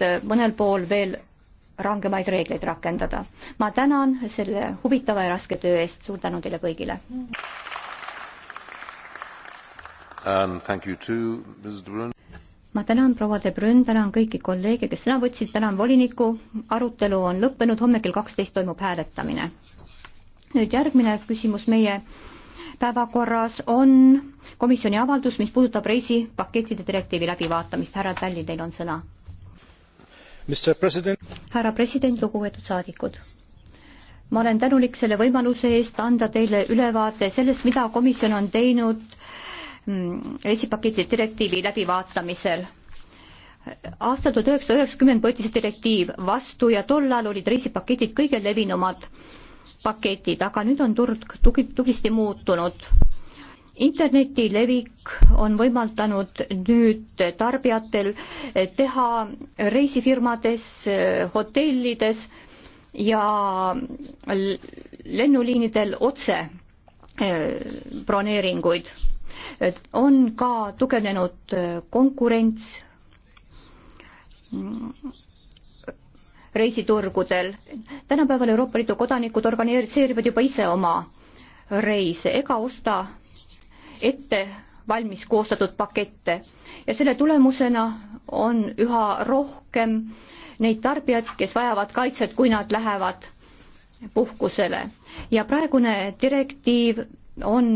et äh, mõnel pool veel rangemaid reegleid rakendada. ma tänan selle huvitava ja raske töö eest, suur tänu teile kõigile um,! ma tänan proua De Brünn, tänan kõiki kolleege, kes sõna võtsid, tänan volinikku, arutelu on lõppenud, homme kell kaksteist toimub hääletamine. nüüd järgmine küsimus meie päevakorras on komisjoni avaldus, mis puudutab reisipakettide direktiivi läbivaatamist. härra Talli, teil on sõna härra president, lugupeetud saadikud. ma olen tänulik selle võimaluse eest anda teile ülevaate sellest, mida komisjon on teinud reisipaketi mm, direktiivi läbivaatamisel aastal tuhat üheksasada üheksakümmend võeti see direktiiv vastu ja tol ajal olid reisipaketid kõige levinumad paketid, aga nüüd on turg tugi, tublisti muutunud interneti levik on võimaldanud nüüd tarbijatel teha reisifirmades, hotellides ja lennuliinidel otse eh, broneeringuid. on ka tugevnenud eh, konkurents mm, reisiturgudel. tänapäeval Euroopa Liidu kodanikud organiseerivad juba ise oma reise ega osta ette valmis koostatud pakette ja selle tulemusena on üha rohkem neid tarbijaid, kes vajavad kaitset, kui nad lähevad puhkusele ja praegune direktiiv on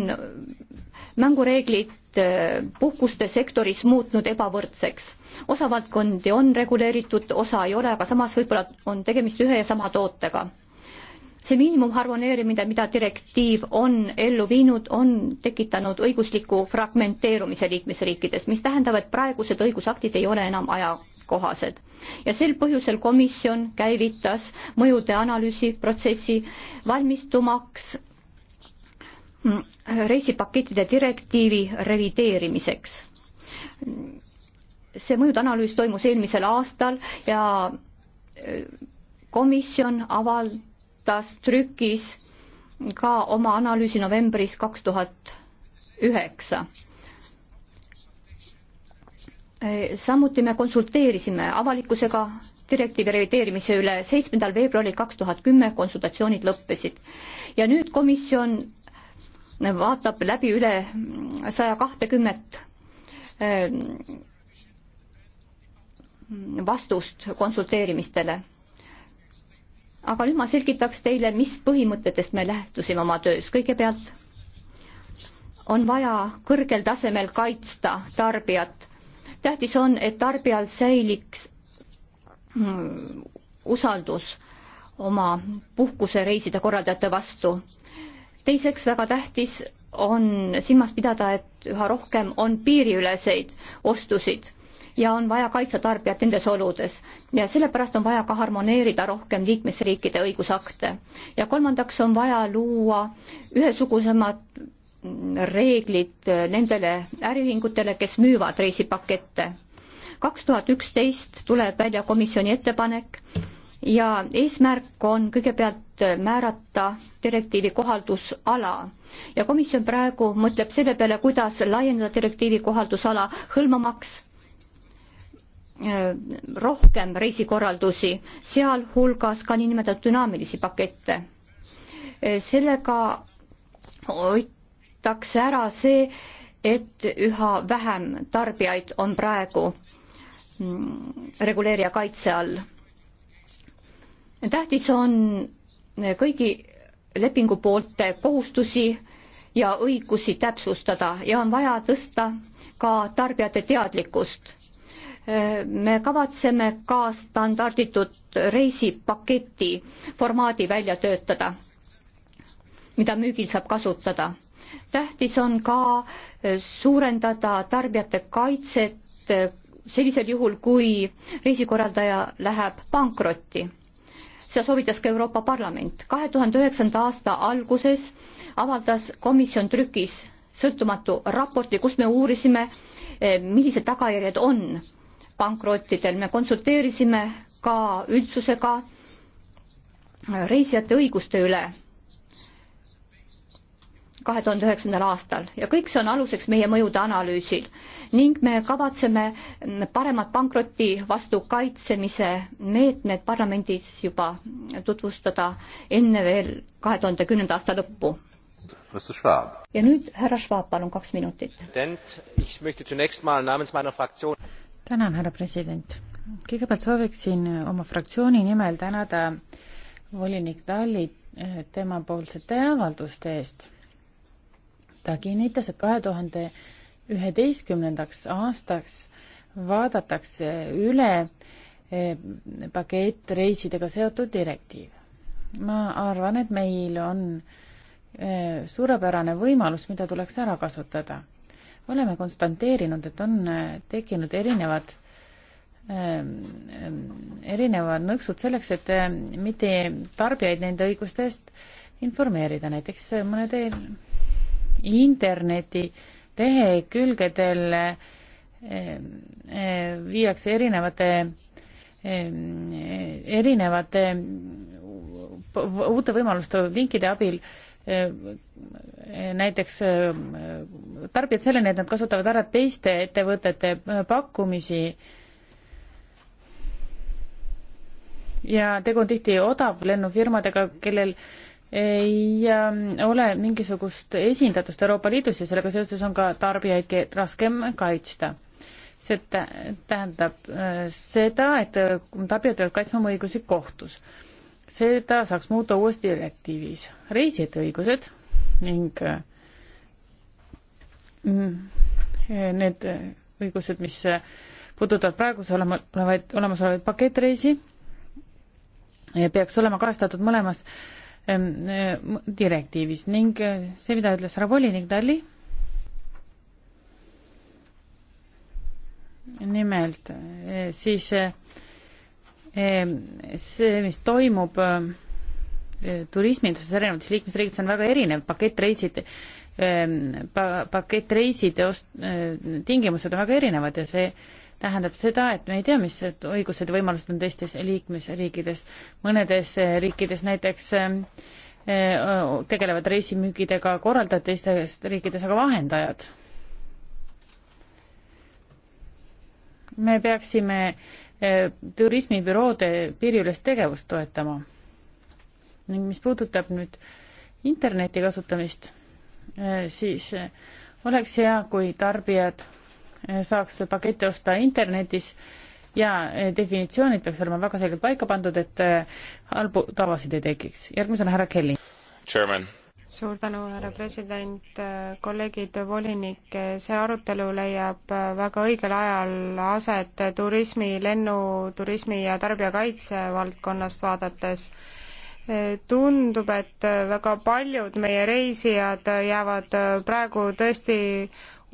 mängureeglid äh, puhkuste sektoris muutnud ebavõrdseks. osa valdkondi on reguleeritud, osa ei ole, aga samas võib-olla on tegemist ühe ja sama tootega see miinimumharmoneerimine, mida direktiiv on ellu viinud, on tekitanud õigusliku fragmenteerumise liikmesriikides, mis tähendab, et praegused õigusaktid ei ole enam ajakohased. ja sel põhjusel komisjon käivitas mõjude analüüsi protsessi valmistumaks reisipakettide direktiivi revideerimiseks. see mõjude analüüs toimus eelmisel aastal ja komisjon avald-, avaldas trükis ka oma analüüsi novembris kaks tuhat üheksa. samuti me konsulteerisime avalikkusega direktiivi revideerimise üle seitsmendal veebruaril kaks tuhat kümme konsultatsioonid lõppesid ja nüüd komisjon vaatab läbi üle saja kahtekümmet eh, vastust konsulteerimistele aga nüüd ma selgitaks teile, mis põhimõtetest me lähtusime oma töös. kõigepealt on vaja kõrgel tasemel kaitsta tarbijat. tähtis on, et tarbijal säiliks mm, usaldus oma puhkusereiside korraldajate vastu. teiseks väga tähtis on silmas pidada, et üha rohkem on piiriüleseid ostusid ja on vaja kaitsta tarbijat nendes oludes ja sellepärast on vaja ka harmoneerida rohkem liikmesriikide õigusakte. ja kolmandaks on vaja luua ühesugusemad reeglid nendele äriühingutele, kes müüvad reisipakette. kaks tuhat üksteist tuleb välja komisjoni ettepanek ja eesmärk on kõigepealt määrata direktiivi kohaldusala ja komisjon praegu mõtleb selle peale, kuidas laiendada direktiivi kohaldusala hõlmamaks Äh, rohkem reisikorraldusi, sealhulgas ka niinimetatud dünaamilisi pakette. Äh, sellega hoitakse ära see, et üha vähem tarbijaid on praegu mm, reguleerija kaitse all. tähtis on kõigi lepingupoolte kohustusi ja õigusi täpsustada ja on vaja tõsta ka tarbijate teadlikkust me kavatseme ka standarditud reisipaketi formaadi välja töötada, mida müügil saab kasutada. tähtis on ka e, suurendada tarbijate kaitset e, sellisel juhul, kui reisikorraldaja läheb pankrotti. seda soovitas ka Euroopa Parlament. kahe tuhande üheksanda aasta alguses avaldas komisjon trükis sõltumatu raporti, kus me uurisime, e, millised tagajärjed on pankrottidel, me konsulteerisime ka üldsusega reisijate õiguste üle kahe tuhande üheksandal aastal ja kõik see on aluseks meie mõjude analüüsil ning me kavatseme paremat pankroti vastu kaitsemise meetmed parlamendis juba tutvustada enne veel kahe tuhande kümnenda aasta lõppu. ja nüüd härra Schwab, palun kaks minutit tänan, härra president. kõigepealt sooviksin oma fraktsiooni nimel tänada volinik Talli eh, temapoolsete avalduste eest. ta kinnitas, et kahe tuhande üheteistkümnendaks aastaks vaadatakse üle eh, pakett reisidega seotud direktiiv. ma arvan, et meil on eh, suurepärane võimalus, mida tuleks ära kasutada oleme konstanteerinud, et on äh, tekkinud erinevad ähm, ähm, erinevad nõksud selleks, et äh, mitte tarbijaid nende õiguste eest informeerida, näiteks äh, mõnede interneti lehekülgedel viiakse erinevate, ähm, erinevate uute võimaluste linkide abil näiteks äh, tarbijad selleni, et nad kasutavad ära teiste ettevõtete äh, pakkumisi ja tegu on tihti odavlennufirmadega, kellel ei ähm, ole mingisugust esindatust Euroopa Liidus ja sellega seoses on ka tarbijaid raskem kaitsta. see tähendab äh, seda, et tarbijad peavad kaitsma oma õigusi kohtus seda saaks muuta uues direktiivis. reisijate õigused ning mm, need õigused, mis puudutavad praeguse olemasolevaid, olemasolevaid pakettreisi, peaks olema kajastatud mõlemas mm, direktiivis ning see, mida ütles härra volinik Talli, nimelt siis Ehm, see, mis toimub ehm, eh, turisminduses erinevates liikmesriikides, on väga erinev, pakettreisid ehm, pa-, pakettreiside ost-, eh, tingimused on väga erinevad ja see tähendab seda, et me ei tea, mis õigused ja võimalused on teistes liikmesriikides. mõnedes eh, riikides näiteks tegelevad reisimüügidega korraldajad, teistes riikides aga vahendajad. me peaksime äh, turismibüroode piiriülest tegevust toetama. ning mis puudutab nüüd interneti kasutamist, eh, siis eh, oleks hea, kui tarbijad eh, saaks pakette osta internetis ja definitsioonid peaks olema väga selgelt paika pandud, et halbu tavasid ei tekiks. järgmisena härra Kelly. Chairman suur tänu, härra president, kolleegid, volinik, see arutelu leiab väga õigel ajal aset turismi, lennuturismi ja tarbijakaitse valdkonnast vaadates. tundub, et väga paljud meie reisijad jäävad praegu tõesti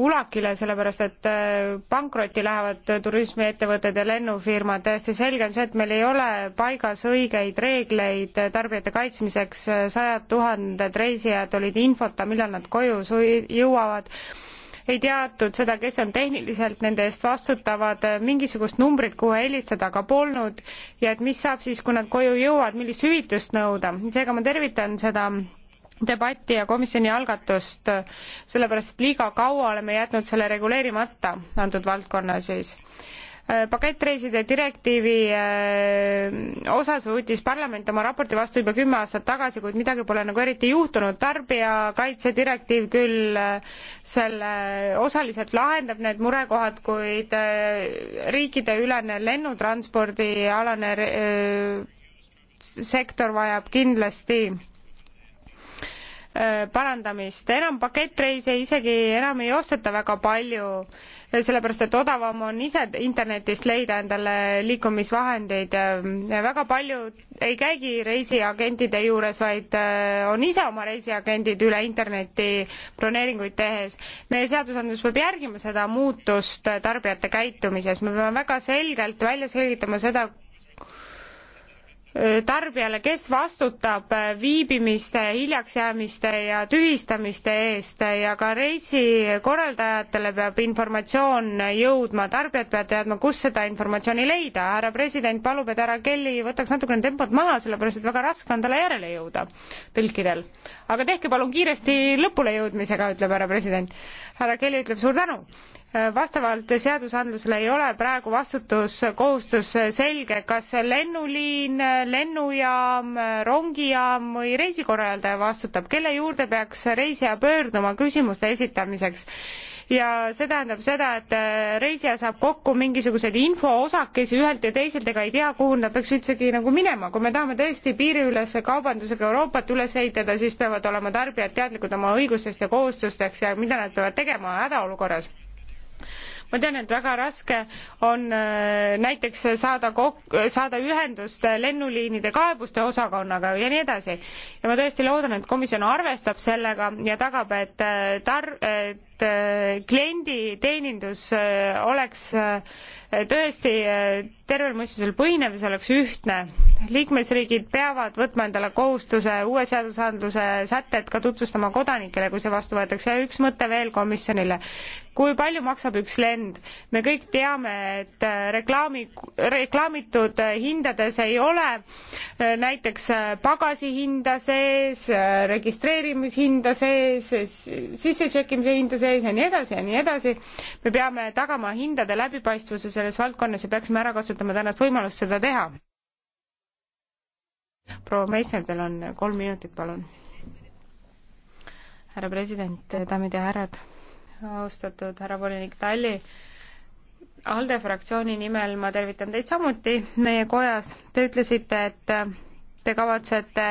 ulakile, sellepärast et äh, pankrotti lähevad turismiettevõtted ja lennufirmad. täiesti selge on see, et meil ei ole paigas õigeid reegleid äh, tarbijate kaitsmiseks, äh, sajad tuhanded reisijad olid infota, millal nad koju jõuavad, ei teatud seda, kes on tehniliselt nende eest vastutavad, mingisugust numbrit, kuhu helistada ka polnud ja et mis saab siis, kui nad koju jõuavad, millist hüvitist nõuda. seega ma tervitan seda debatti ja komisjoni algatust, sellepärast et liiga kaua oleme jätnud selle reguleerimata, antud valdkonna siis äh, pakettreiside direktiivi äh, osas võttis parlament oma raporti vastu juba kümme aastat tagasi, kuid midagi pole nagu eriti juhtunud. tarbijakaitse direktiiv küll äh, selle osaliselt lahendab need murekohad, kuid riikideülene lennutranspordialane sektor vajab kindlasti Äh, parandamist, enam pakettreise isegi enam ei osteta väga palju, äh, sellepärast et odavam on ise internetist leida endale liikumisvahendeid. Äh, väga paljud ei käigi reisiagentide juures, vaid on ise oma reisiagendid üle interneti broneeringuid tehes. meie seadusandlus peab järgima seda muutust tarbijate käitumises, me peame väga selgelt välja selgitama seda, tarbijale, kes vastutab äh, viibimiste, hiljaksjäämiste ja tühistamiste eest ja ka reisikorraldajatele peab informatsioon jõudma, tarbijad peavad teadma, kus seda informatsiooni leida. härra president palub, et härra Kelly võtaks natukene tempot maha, sellepärast et väga raske on talle järele jõuda tõlkidel. aga tehke palun kiiresti lõpule jõudmisega, ütleb härra president. härra Kelly ütleb suur tänu vastavalt seadusandlusele ei ole praegu vastutuskohustus selge, kas lennuliin, lennujaam, rongijaam või reisikorraldaja vastutab, kelle juurde peaks reisija pöörduma küsimuste esitamiseks. ja see tähendab seda, et reisija saab kokku mingisuguseid infoosakesi ühelt ja teiselt ega ei tea, kuhu nad peaks üldsegi nagu minema. kui me tahame tõesti piiriülese kaubandusega Euroopat üles ehitada, siis peavad olema tarbijad teadlikud oma õigustest ja kohustusteks ja mida nad peavad tegema hädaolukorras ma tean, et väga raske on äh, näiteks saada kok-, saada ühendust äh, lennuliinide kaebuste osakonnaga ja nii edasi. ja ma tõesti loodan, et komisjon arvestab sellega ja tagab, et äh, tar-, et äh, klienditeenindus äh, oleks äh, tõesti tervel mõistusel põhinev ja see oleks ühtne. liikmesriigid peavad võtma endale kohustuse uue seadusandluse sätted ka tutvustama kodanikele, kui see vastu võetakse. ja üks mõte veel komisjonile. kui palju maksab üks lend? me kõik teame, et reklaami, reklaamitud hindades ei ole näiteks pagasihinda sees, registreerimishinda sees, sissetšekkimise hinda sees, seis ja nii edasi ja nii edasi. me peame tagama hindade läbipaistvuse selles valdkonnas ja peaksime ära kasutama tänast võimalust seda teha. proua Meissner, teil on kolm minutit, palun. härra president, daamid ja härrad, austatud härra volinik Talli ALDE fraktsiooni nimel ma tervitan teid samuti meie kojas. Te ütlesite, et te kavatsete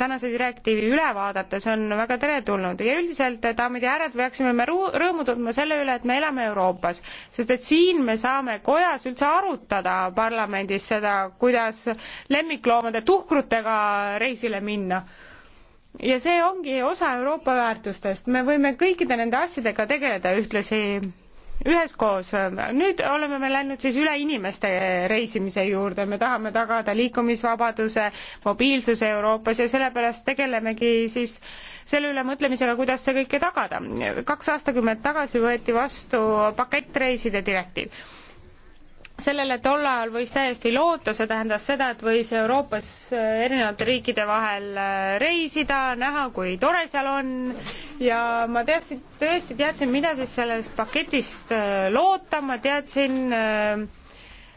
tänase direktiivi üle vaadata, see on väga teretulnud ja üldiselt, daamid ja härrad, peaksime me rõõmu tundma selle üle, et me elame Euroopas, sest et siin me saame kojas üldse arutada parlamendis seda, kuidas lemmikloomade tuhkrutega reisile minna ja see ongi osa Euroopa väärtustest, me võime kõikide nende asjadega tegeleda ühtlasi üheskoos, nüüd oleme me läinud siis üle inimeste reisimise juurde, me tahame tagada liikumisvabaduse, mobiilsuse Euroopas ja sellepärast tegelemegi siis selle üle mõtlemisega, kuidas see kõike tagada. kaks aastakümmet tagasi võeti vastu pakettreiside direktiiv sellele tol ajal võis täiesti loota, see tähendas seda, et võis Euroopas äh, erinevate riikide vahel äh, reisida, näha, kui tore seal on ja ma tõesti, tõesti teadsin, mida siis sellest paketist äh, loota, ma teadsin äh,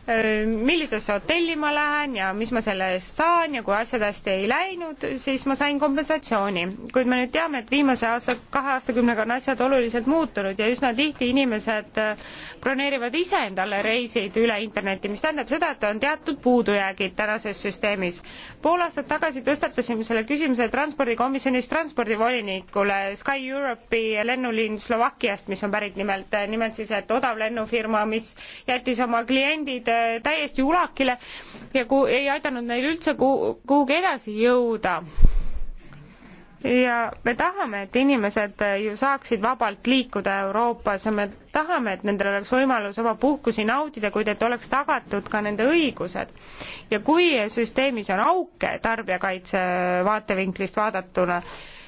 millisesse hotelli ma lähen ja mis ma selle eest saan ja kui asjad hästi ei läinud, siis ma sain kompensatsiooni. kuid me nüüd teame, et viimase aasta, kahe aastakümnega on asjad oluliselt muutunud ja üsna tihti inimesed äh, broneerivad ise endale reisid üle interneti, mis tähendab seda, et on teatud puudujäägid tänases süsteemis. pool aastat tagasi tõstatasime selle küsimuse transpordikomisjonis transpordivolinikule Sky Europe'i lennuliin Slovakkiast, mis on pärit nimelt, äh, nimelt siis, et odav lennufirma, mis jättis oma kliendid täiesti ulakile ja ku- ei aidanud neil üldse ku- kuhugi edasi jõuda ja me tahame, et inimesed ju saaksid vabalt liikuda Euroopas ja me tahame, et nendel oleks võimalus oma puhkusi nautida, kuid et oleks tagatud ka nende õigused. ja kui süsteemis on auke tarbijakaitse vaatevinklist vaadatuna,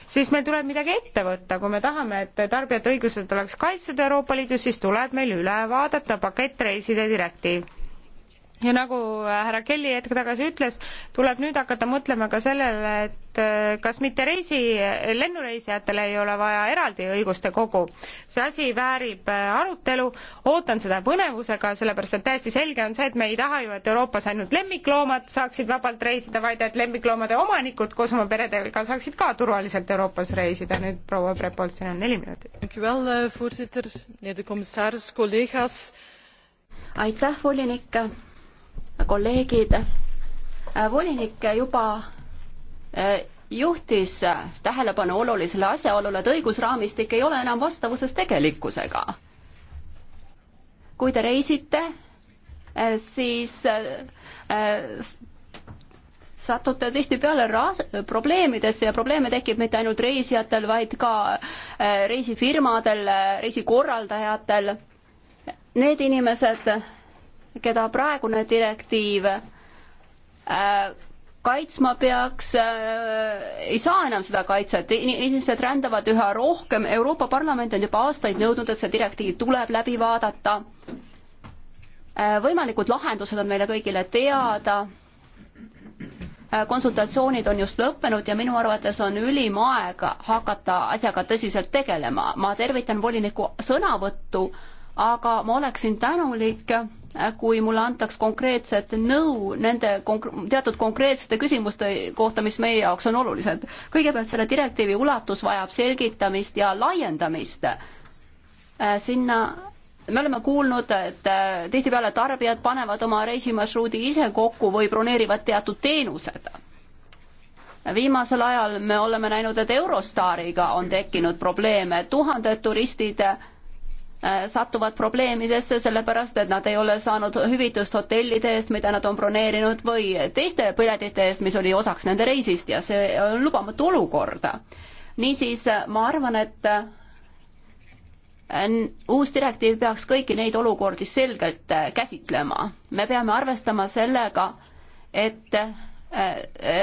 siis meil tuleb midagi ette võtta, kui me tahame, et tarbijate õigused oleks kaitstud Euroopa Liidus, siis tuleb meil üle vaadata pakettreiside direktiiv ja nagu äh, härra Kelly hetk tagasi ütles, tuleb nüüd hakata mõtlema ka sellele, et äh, kas mitte reisi, äh, lennureisijatele ei ole vaja eraldi õiguste kogu. see asi väärib arutelu, ootan seda põnevusega, sellepärast et täiesti selge on see, et me ei taha ju, et Euroopas ainult lemmikloomad saaksid vabalt reisida, vaid et lemmikloomade omanikud koos oma peredega saaksid ka turvaliselt Euroopas reisida. nüüd proua Prepoltsil on neli minutit. Eh, aitäh, volinik kolleegid, äh, volinik juba äh, juhtis äh, tähelepanu olulisele asjaolule, et õigusraamistik ei ole enam vastavuses tegelikkusega. kui te reisite, siis satute tihtipeale probleemidesse ja probleeme tekib mitte ainult reisijatel, vaid ka reisifirmadel, reisikorraldajatel. Need inimesed keda praegune direktiiv äh, kaitsma peaks, äh, ei saa enam seda kaitset, inimesed rändavad üha rohkem, Euroopa Parlament on juba aastaid nõudnud, et see direktiiv tuleb läbi vaadata. Äh, võimalikud lahendused on meile kõigile teada. konsultatsioonid on just lõppenud ja minu arvates on ülim aeg hakata asjaga tõsiselt tegelema. ma tervitan voliniku sõnavõttu, aga ma oleksin tänulik kui mulle antaks konkreetset nõu nende konk teatud konkreetsete küsimuste kohta, mis meie jaoks on olulised. kõigepealt selle direktiivi ulatus vajab selgitamist ja laiendamist. Äh, sinna me oleme kuulnud, et äh, tihtipeale tarbijad panevad oma reisimarsruudi ise kokku või broneerivad teatud teenused viimasel ajal me oleme näinud, et Eurostariga on tekkinud probleeme, tuhanded turistid äh, Äh, satuvad probleemidesse, sellepärast et nad ei ole saanud hüvitust hotellide eest, mida nad on broneerinud või teiste piletite eest, mis oli osaks nende reisist ja see on lubamatu olukord. niisiis ma arvan, et äh, uus direktiiv peaks kõiki neid olukordi selgelt äh, käsitlema. me peame arvestama sellega, et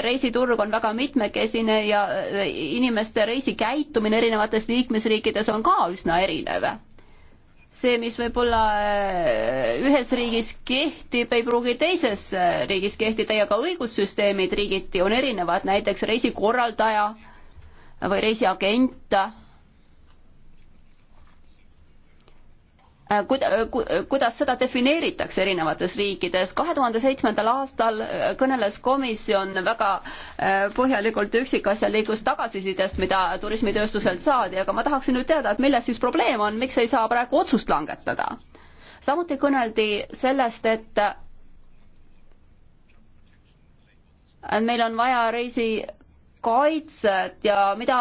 reisiturg on väga mitmekesine ja inimeste reisikäitumine erinevates liikmesriikides on ka üsna erinev see, mis võib-olla äh, ühes riigis kehtib, ei pruugi teises äh, riigis kehtida ja ka õigussüsteemid riigiti on erinevad, näiteks reisikorraldaja või reisiagent Äh, äh, äh, kuidas seda defineeritakse erinevates riikides. kahe tuhande seitsmendal aastal kõneles komisjon väga põhjalikult üksikasjalikust tagasisidest, mida turismitööstuselt saadi, aga ma tahaksin nüüd teada, et milles siis probleem on, miks ei saa praegu otsust langetada? samuti kõneldi sellest, et meil on vaja reisi kaitset ja mida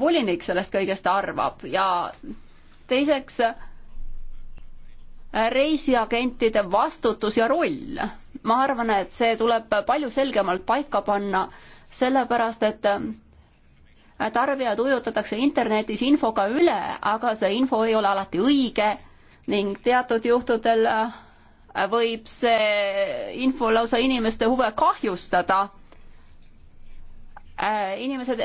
volinik sellest kõigest arvab ja teiseks äh, Äh, reisiagentide vastutus ja roll. ma arvan, et see tuleb palju selgemalt paika panna, sellepärast et äh, tarbijad ujutatakse internetis infoga üle, aga see info ei ole alati õige ning teatud juhtudel äh, võib see info lausa inimeste huve kahjustada inimesed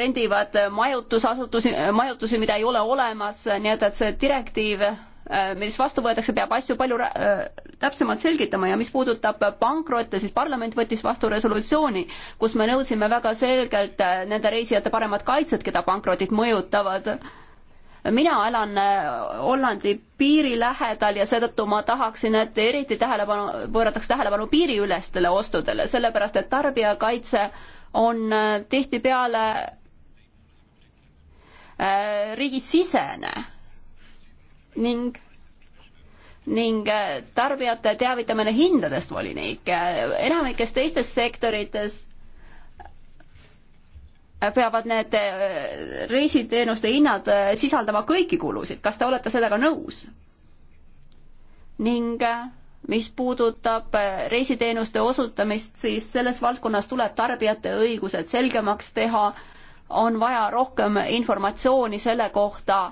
rendivad majutusasutusi, majutusi, mida ei ole olemas, nii et, et see direktiiv Äh, mis vastu võetakse, peab asju palju äh, täpsemalt selgitama ja mis puudutab pankrotte, siis parlament võttis vastu resolutsiooni, kus me nõudsime väga selgelt äh, nende reisijate paremat kaitset, keda pankrotid mõjutavad. mina elan Hollandi piiri lähedal ja seetõttu ma tahaksin, et eriti tähelepanu, pöörataks tähelepanu piiriülestele ostudele, sellepärast et tarbijakaitse on tihtipeale riigisisene ning ning äh, tarbijate teavitamine hindadest volinik. enamikes teistes sektorites peavad need äh, reisiteenuste hinnad äh, sisaldama kõiki kulusid, kas te olete sellega nõus? ning mis puudutab reisiteenuste osutamist, siis selles valdkonnas tuleb tarbijate õigused selgemaks teha, on vaja rohkem informatsiooni selle kohta,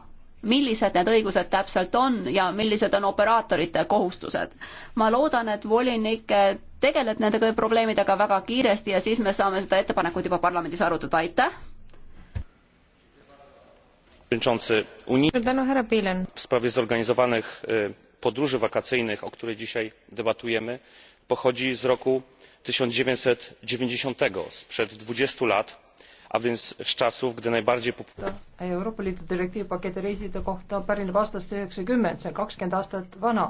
millised need õigused täpselt on ja millised on operaatorite kohustused. ma loodan, et volinik tegeleb nende probleemidega väga kiiresti ja siis me saame seda ettepanekut juba parlamendis arutada, aitäh! w sprawie zorganizowanych e, podróży wakacyjnych o której dzisiaj debatujemy pochodzi z roku tysiąc dziewięćset dziewięćdzisiąt sprzed dwadzieścia lat a więc z czasów gdy najbardziej Euroopa Liidu direktiivpaketi reiside kohta pärineb aastast üheksakümmend see on kakskümmend aastat vana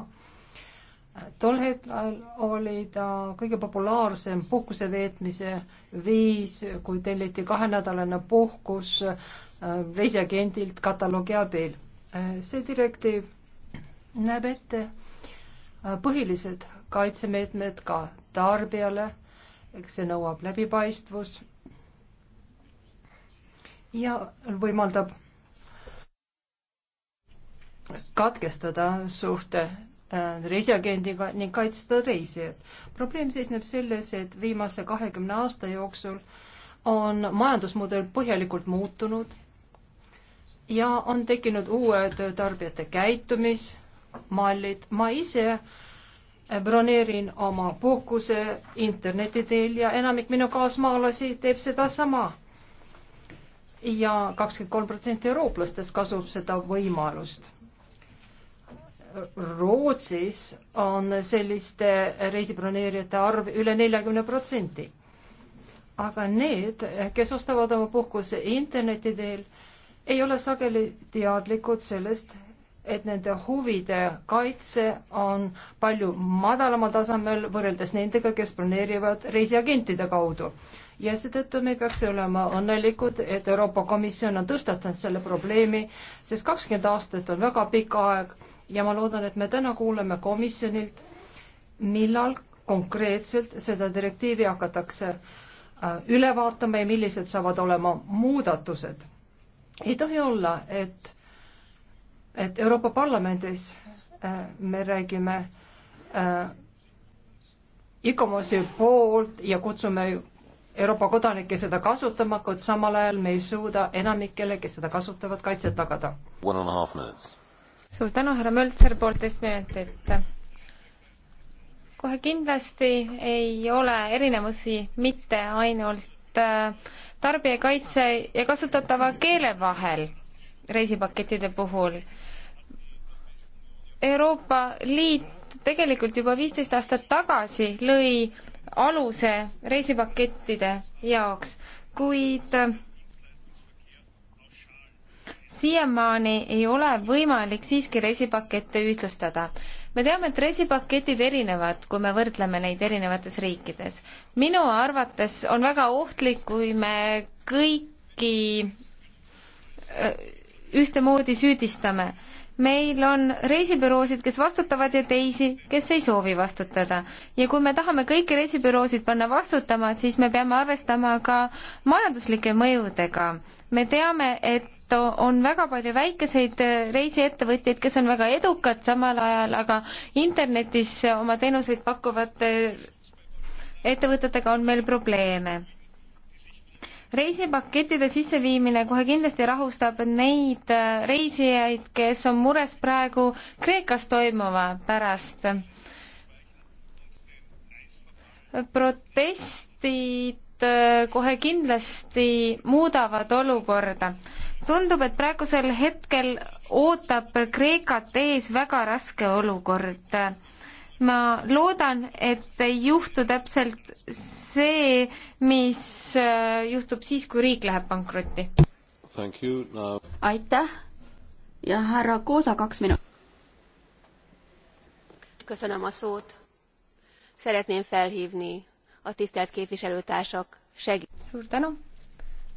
tol hetkel oli ta kõige populaarsem puhkuse veetmise viis kui telliti kahenädalane puhkus äh, reisiagendilt kataloogi abil äh, see direktiiv näeb ette äh, põhilised kaitsemeetmed ka tarbijale, eks see nõuab läbipaistvus ja võimaldab katkestada suhte äh, reisiagendiga ning kaitsta reisijad. probleem seisneb selles, et viimase kahekümne aasta jooksul on majandusmudel põhjalikult muutunud ja on tekkinud uued tarbijate käitumismallid. ma ise broneerin oma puhkuse interneti teel ja enamik minu kaasmaalasi teeb sedasama ja kakskümmend kolm protsenti eurooplastest kasutab seda võimalust. Rootsis on selliste reisibroneerijate arv üle neljakümne protsendi. aga need, kes ostavad oma puhkuse interneti teel, ei ole sageli teadlikud sellest, et nende huvide kaitse on palju madalamal tasemel võrreldes nendega, kes broneerivad reisiagentide kaudu ja seetõttu me peaks olema õnnelikud, et Euroopa Komisjon on tõstatanud selle probleemi, sest kakskümmend aastat on väga pikk aeg ja ma loodan, et me täna kuuleme komisjonilt, millal konkreetselt seda direktiivi hakatakse äh, üle vaatama ja millised saavad olema muudatused. ei tohi olla, et, et Euroopa Parlamendis äh, me räägime äh, ICOMOS-i poolt ja kutsume Euroopa kodanikke seda kasutama, kuid samal ajal me ei suuda enamikele, kes seda kasutavad, kaitset tagada. suur tänu, härra Möltser, poolteist minutit. kohe kindlasti ei ole erinevusi mitte ainult äh, tarbijakaitse ja kasutatava keele vahel reisipakettide puhul. Euroopa Liit tegelikult juba viisteist aastat tagasi lõi aluse reisipakettide jaoks, kuid siiamaani ei ole võimalik siiski reisipakette ühtlustada. me teame, et reisipaketid erinevad, kui me võrdleme neid erinevates riikides. minu arvates on väga ohtlik, kui me kõiki äh, ühtemoodi süüdistame meil on reisibüroosid, kes vastutavad ja teisi, kes ei soovi vastutada. ja kui me tahame kõiki reisibüroosid panna vastutama, siis me peame arvestama ka majanduslike mõjudega. me teame, et on väga palju väikeseid reisiettevõtjaid, kes on väga edukad samal ajal, aga internetis oma teenuseid pakkuvate ettevõtetega on meil probleeme reisipakettide sisseviimine kohe kindlasti rahustab neid äh, reisijaid, kes on mures praegu Kreekas toimuva pärast. protestid äh, kohe kindlasti muudavad olukorda. tundub, et praegusel hetkel ootab Kreekat ees väga raske olukord ma loodan, et ei juhtu täpselt see, mis äh, juhtub siis, kui riik läheb pankrotti. Now... aitäh ja härra Koosa, kaks minutit. köszönöm a szót. Szeretném felhívni a tisztelt képviselőtársak segít. suur tänu.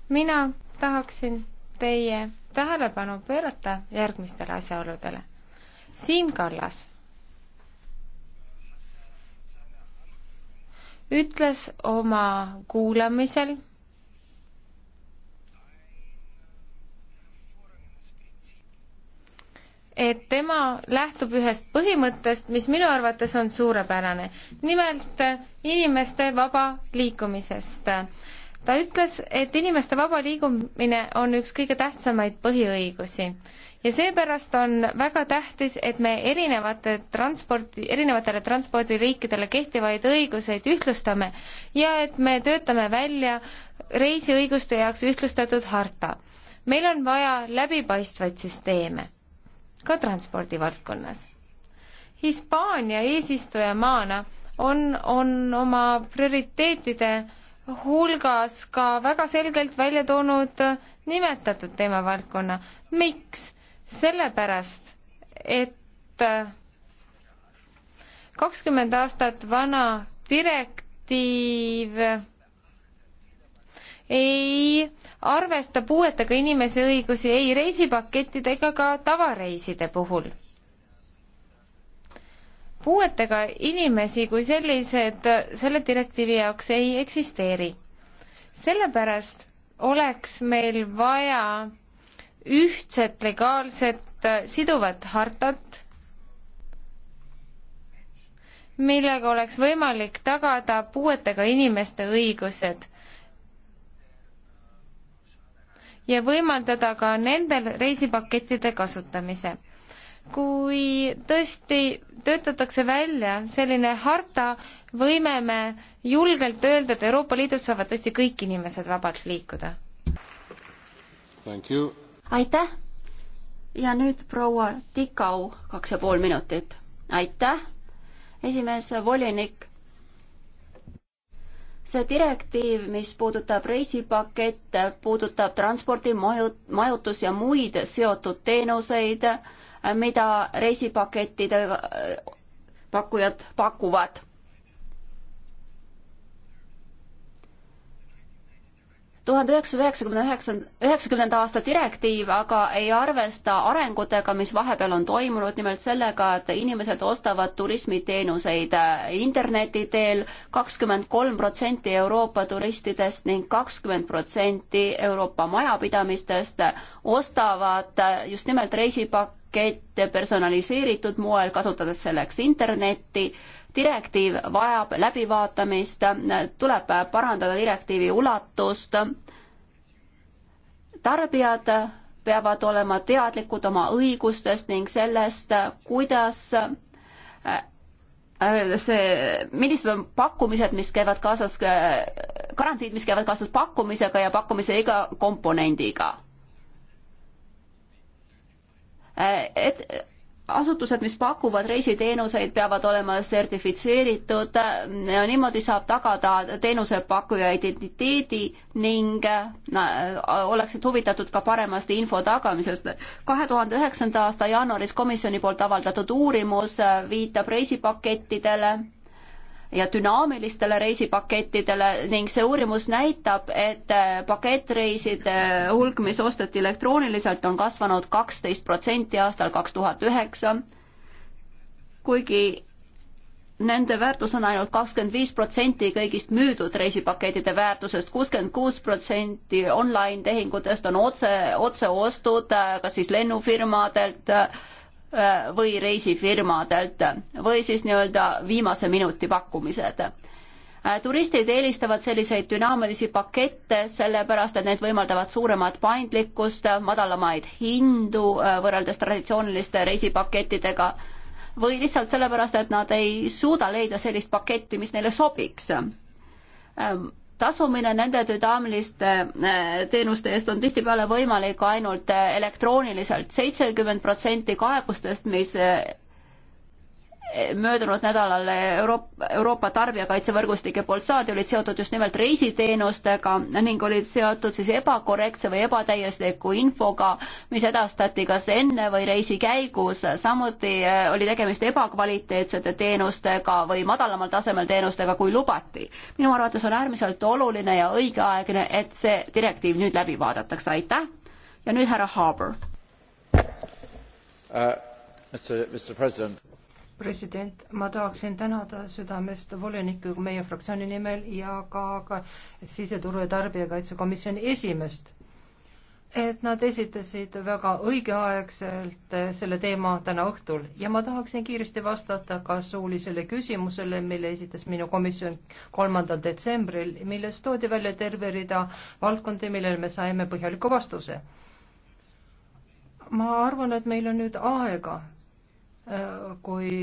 mina tahaksin teie tähelepanu pöörata järgmistele asjaoludele. Siim Kallas ütles oma kuulamisel, et tema lähtub ühest põhimõttest, mis minu arvates on suurepärane, nimelt inimeste vaba liikumisest. ta ütles, et inimeste vaba liigumine on üks kõige tähtsamaid põhiõigusi ja seepärast on väga tähtis, et me erinevate transporti, erinevatele transpordiliikidele kehtivaid õiguseid ühtlustame ja et me töötame välja reisiõiguste jaoks ühtlustatud harta. meil on vaja läbipaistvaid süsteeme, ka transpordi valdkonnas. Hispaania eesistujamaana on, on oma prioriteetide hulgas ka väga selgelt välja toonud nimetatud teemavaldkonna. miks? sellepärast, et kakskümmend aastat vana direktiiv ei arvesta puuetega inimese õigusi ei reisipakettidega ega ka tavareiside puhul. puuetega inimesi kui sellised selle direktiivi jaoks ei eksisteeri. sellepärast oleks meil vaja ühtset legaalset äh, siduvat hartat, millega oleks võimalik tagada puuetega inimeste õigused ja võimaldada ka nendel reisipakettide kasutamise. kui tõesti töötatakse välja selline harta, võime me julgelt öelda, et Euroopa Liidus saavad tõesti kõik inimesed vabalt liikuda. Thank you aitäh. ja nüüd proua Tikau, kaks ja pool minutit. aitäh, esimees volinik. see direktiiv, mis puudutab reisipakette, puudutab transpordi, maju-, majutus ja muid seotud teenuseid, mida reisipakettide äh, pakkujad pakuvad tuhande üheksasaja üheksakümne üheksanda, üheksakümnenda aasta direktiiv aga ei arvesta arengutega, mis vahepeal on toimunud, nimelt sellega, et inimesed ostavad turismiteenuseid äh, interneti teel, kakskümmend kolm protsenti Euroopa turistidest ning kakskümmend protsenti Euroopa majapidamistest ostavad äh, just nimelt reisipakette personaliseeritud moel, kasutades selleks internetti direktiiv vajab läbivaatamist, tuleb parandada direktiivi ulatust. tarbijad peavad olema teadlikud oma õigustest ning sellest, kuidas äh, see, millised on pakkumised, mis käivad kaasas, garantiid, mis käivad kaasas pakkumisega ja pakkumise iga komponendiga. Äh, et asutused, mis pakuvad reisiteenuseid, peavad olema sertifitseeritud ja niimoodi saab tagada teenusepakkuja identiteedi ning na, oleksid huvitatud ka paremast info tagamisest. kahe tuhande üheksanda aasta jaanuaris komisjoni poolt avaldatud uurimus viitab reisipakettidele ja dünaamilistele reisipakettidele ning see uurimus näitab, et äh, pakettreiside äh, hulk, mis osteti elektrooniliselt, on kasvanud kaksteist protsenti aastal kaks tuhat üheksa, kuigi nende väärtus on ainult kakskümmend viis protsenti kõigist müüdud reisipakettide väärtusest, kuuskümmend kuus protsenti online tehingutest on otse, otseostud, äh, kas siis lennufirmadelt äh,, või reisifirmadelt või siis nii-öelda viimase minuti pakkumised. Äh, turistid eelistavad selliseid dünaamilisi pakette, sellepärast et need võimaldavad suuremat paindlikkust, madalamaid hindu äh, võrreldes traditsiooniliste reisipakettidega või lihtsalt sellepärast, et nad ei suuda leida sellist paketti, mis neile sobiks äh, tasumine nende dünaamiliste äh, teenuste eest on tihtipeale võimalik ainult äh, elektrooniliselt. seitsekümmend protsenti kaebustest, mis äh, möödunud nädalal Euroopa, Euroopa tarbijakaitsevõrgustike poolt saadi, olid seotud just nimelt reisiteenustega ning olid seotud siis ebakorrektse või ebatäiusliku infoga, mis edastati kas enne või reisi käigus. samuti eh, oli tegemist ebakvaliteetsete teenustega või madalamal tasemel teenustega, kui lubati. minu arvates on äärmiselt oluline ja õigeaegne, et see direktiiv nüüd läbi vaadatakse, aitäh. ja nüüd härra Harbour uh,. Mr, Mr President president, ma tahaksin tänada südamest volinikku meie fraktsiooni nimel ja ka, ka siseturu ja tarbijakaitsekomisjoni esimeest, et nad esitasid väga õigeaegselt selle teema täna õhtul ja ma tahaksin kiiresti vastata ka suulisele küsimusele, mille esitas minu komisjon kolmandal detsembril, milles toodi välja terve rida valdkondi, millele me saime põhjaliku vastuse ma arvan, et meil on nüüd aega kui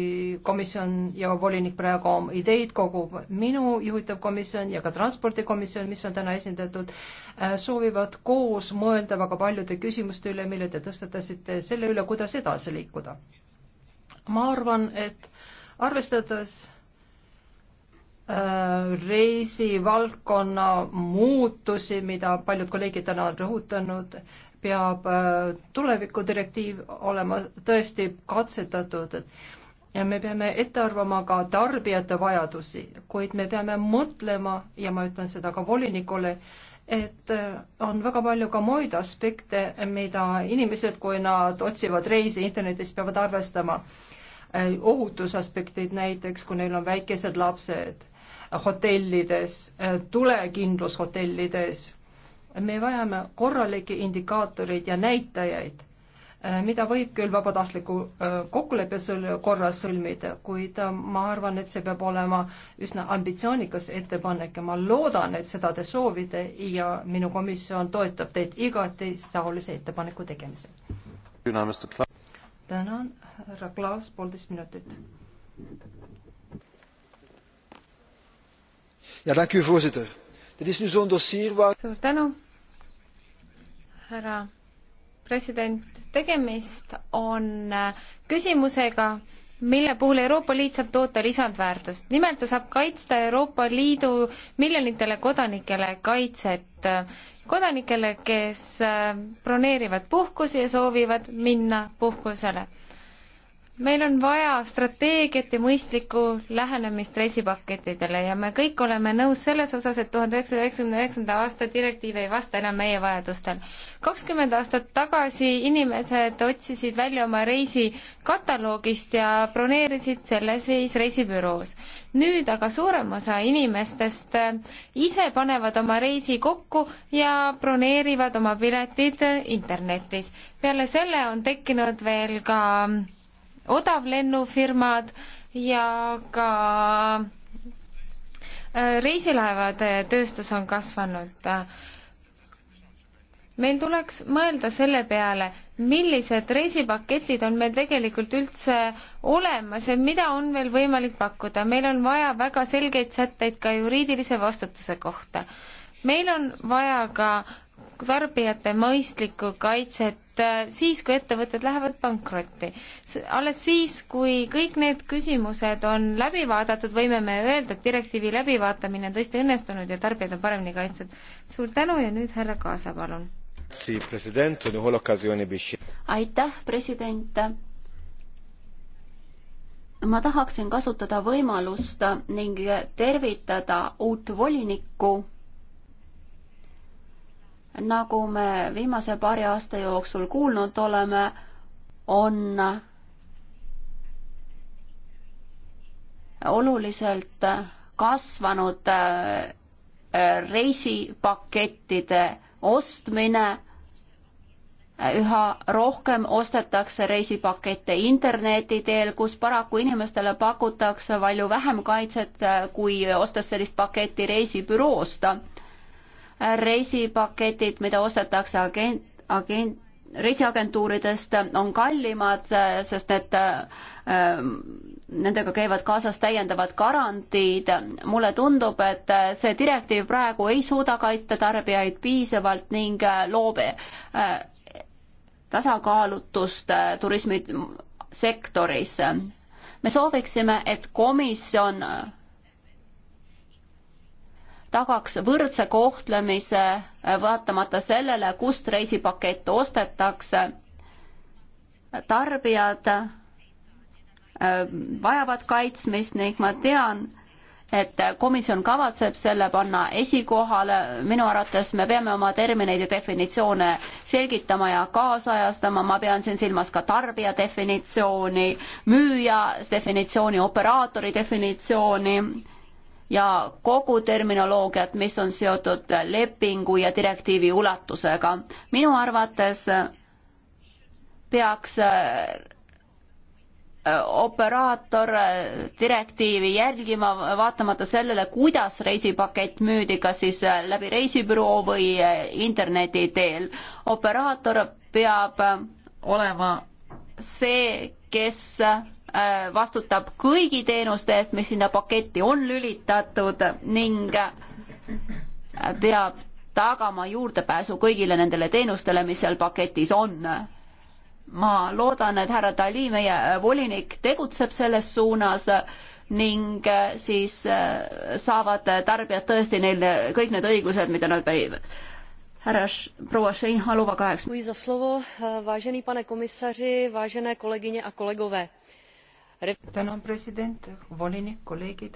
komisjon ja volinik praegu oma ideid kogub, minu juhitav komisjon ja ka transpordikomisjon, mis on täna esindatud, äh, soovivad koos mõelda väga paljude küsimuste üle, mille te tõstatasite, selle üle, kuidas edasi liikuda. ma arvan, et arvestades äh, Äh, reisivaldkonna muutusi, mida paljud kolleegid täna on rõhutanud, peab äh, tulevikudirektiiv olema tõesti katsetatud ja me peame ette arvama ka tarbijate vajadusi, kuid me peame mõtlema ja ma ütlen seda ka volinikule, et äh, on väga palju ka muid aspekte, mida inimesed, kui nad otsivad reisi internetis, peavad arvestama. ohutusaspektid näiteks, kui neil on väikesed lapsed hotellides, äh, tulekindlus hotellides. me vajame korralikke indikaatoreid ja näitajaid, äh, mida võib küll vabatahtliku äh, kokkuleppe korras sõlmida, kuid ma arvan, et see peab olema üsna ambitsioonikas ettepanek ja ma loodan, et seda te soovite ja minu komisjon toetab teid igati taolise ettepaneku tegemisel. tänan, härra Klaas, poolteist minutit voorzitter dit is nu zo'n dossier waar. suur tänu härra president tegemist on äh, küsimusega mille puhul Euroopa Liit saab toota lisandväärtust. nimelt ta saab kaitsta Euroopa Liidu miljonitele kodanikele kaitset, kodanikele, kes äh, broneerivad puhkusi ja soovivad minna puhkusele meil on vaja strateegiat ja mõistlikku lähenemist reisipakettidele ja me kõik oleme nõus selles osas, et tuhande üheksasaja üheksakümne üheksanda aasta direktiiv ei vasta enam meie vajadustel. kakskümmend aastat tagasi inimesed otsisid välja oma reisi kataloogist ja broneerisid selle siis reisibüroos. nüüd aga suurem osa inimestest äh, ise panevad oma reisi kokku ja broneerivad oma piletid internetis. peale selle on tekkinud veel ka odavlennufirmad ja ka äh, reisilaevade tööstus on kasvanud. meil tuleks mõelda selle peale, millised reisipaketid on meil tegelikult üldse olemas ja mida on veel võimalik pakkuda. meil on vaja väga selgeid sätteid ka juriidilise vastutuse kohta. meil on vaja ka tarbijate mõistlikku kaitset Äh, siis, kui ettevõtted lähevad pankrotti. alles siis, kui kõik need küsimused on läbi vaadatud, võime me öelda, et direktiivi läbivaatamine on tõesti õnnestunud ja tarbijad on paremini kaitstud. suur tänu ja nüüd härra Kaasa, palun. aitäh, president. ma tahaksin kasutada võimalust ning tervitada uut volinikku nagu me viimase paari aasta jooksul kuulnud oleme, on oluliselt kasvanud äh, reisipakettide ostmine. üha rohkem ostetakse reisipakette interneti teel, kus paraku inimestele pakutakse palju vähem kaitset, äh, kui ostes sellist paketti reisibüroost reisipaketid, mida ostetakse agent, agent, reisiagentuuridest, on kallimad, sest need, ähm, nendega käivad kaasas täiendavad garantiid. mulle tundub, et see direktiiv praegu ei suuda kaitsta tarbijaid piisavalt ning äh, loob äh, tasakaalutust äh, turismisektoris. me sooviksime, et komisjon tagaks võrdse kohtlemise äh, vaatamata sellele, kust reisipakett ostetakse. tarbijad äh, vajavad kaitsmist ning ma tean, et komisjon kavatseb selle panna esikohale, minu arvates me peame oma termineid ja definitsioone selgitama ja kaasajastama, ma pean siin silmas ka tarbija definitsiooni, müüja definitsiooni, operaatori definitsiooni ja kogu terminoloogiat, mis on seotud lepingu ja direktiivi ulatusega. minu arvates peaks äh, operaator äh, direktiivi jälgima, vaatamata sellele, kuidas reisipakett müüdi, kas siis äh, läbi reisibüroo või interneti teel. operaator peab olema see, kes Äh, vastutab kõigi teenuste eest, mis sinna paketti on lülitatud ning peab tagama juurdepääsu kõigile nendele teenustele, mis seal paketis on. ma loodan, et härra Dali, meie äh, volinik, tegutseb selles suunas ning äh, siis saavad tarbijad tõesti neil kõik need õigused, mida nad pärivad. härra proua Šeinhalova kaheks tänan, president, volinik, kolleegid.